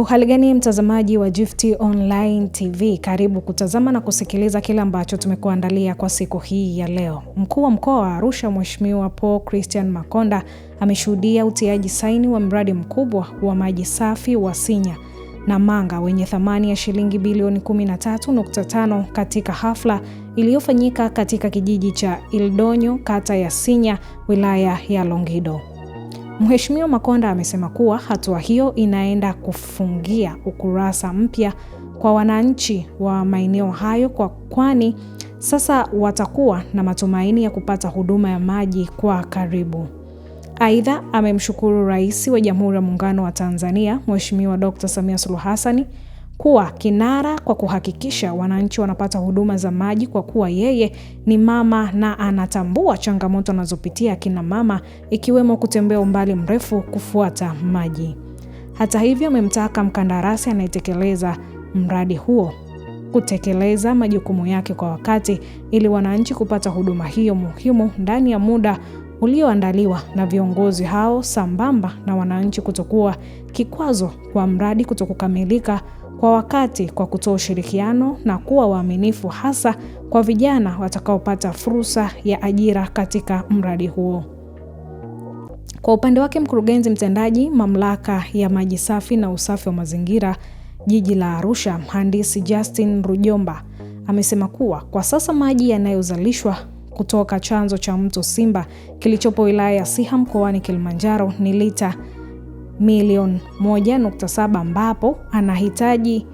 Uhaligani mtazamaji wa Gift Online TV, karibu kutazama na kusikiliza kile ambacho tumekuandalia kwa siku hii ya leo. Mkuu wa mkoa wa Arusha Mheshimiwa Paul Christian Makonda ameshuhudia utiaji saini wa mradi mkubwa wa maji safi wa Sinya na Manga wenye thamani ya shilingi bilioni 13.5 katika hafla iliyofanyika katika kijiji cha Ildonyo, kata ya Sinya, wilaya ya Longido. Mheshimiwa Makonda amesema kuwa hatua hiyo inaenda kufungia ukurasa mpya kwa wananchi wa maeneo hayo kwa kwani sasa watakuwa na matumaini ya kupata huduma ya maji kwa karibu. Aidha, amemshukuru Rais wa Jamhuri ya Muungano wa Tanzania Mheshimiwa Dr. Samia Suluhu Hassani kuwa kinara kwa kuhakikisha wananchi wanapata huduma za maji kwa kuwa yeye ni mama na anatambua changamoto anazopitia akina mama ikiwemo kutembea umbali mrefu kufuata maji. Hata hivyo, amemtaka mkandarasi anayetekeleza mradi huo kutekeleza majukumu yake kwa wakati ili wananchi kupata huduma hiyo muhimu ndani ya muda ulioandaliwa na viongozi hao sambamba na wananchi kutokuwa kikwazo kwa mradi kutokukamilika kwa wakati kwa kutoa ushirikiano na kuwa waaminifu hasa kwa vijana watakaopata fursa ya ajira katika mradi huo. Kwa upande wake, mkurugenzi mtendaji Mamlaka ya Maji Safi na Usafi wa Mazingira Jiji la Arusha, Mhandisi Justin Rujomba amesema kuwa kwa sasa maji yanayozalishwa kutoka chanzo cha mto Simba kilichopo wilaya ya Siha mkoani Kilimanjaro ni lita milioni 1.7 ambapo anahitaji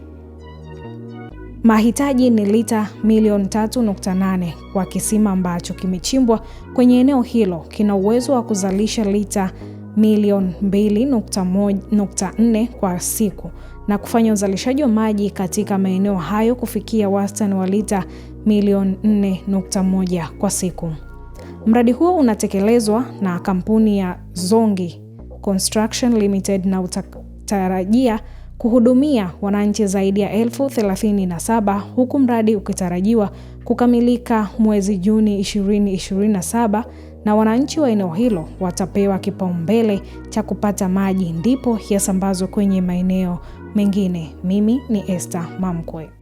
mahitaji ni lita milioni 3.8 kwa kisima ambacho kimechimbwa kwenye eneo hilo kina uwezo wa kuzalisha lita milioni 2.4 kwa siku na kufanya uzalishaji wa maji katika maeneo hayo kufikia wastani wa lita milioni 4.1 kwa siku. Mradi huo unatekelezwa na kampuni ya Zongi Construction Limited na utatarajia kuhudumia wananchi zaidi ya elfu 37 huku mradi ukitarajiwa kukamilika mwezi Juni 2027 na wananchi wa eneo hilo watapewa kipaumbele cha kupata maji ndipo yasambazwe kwenye maeneo mengine. Mimi ni Esther Mamkwe.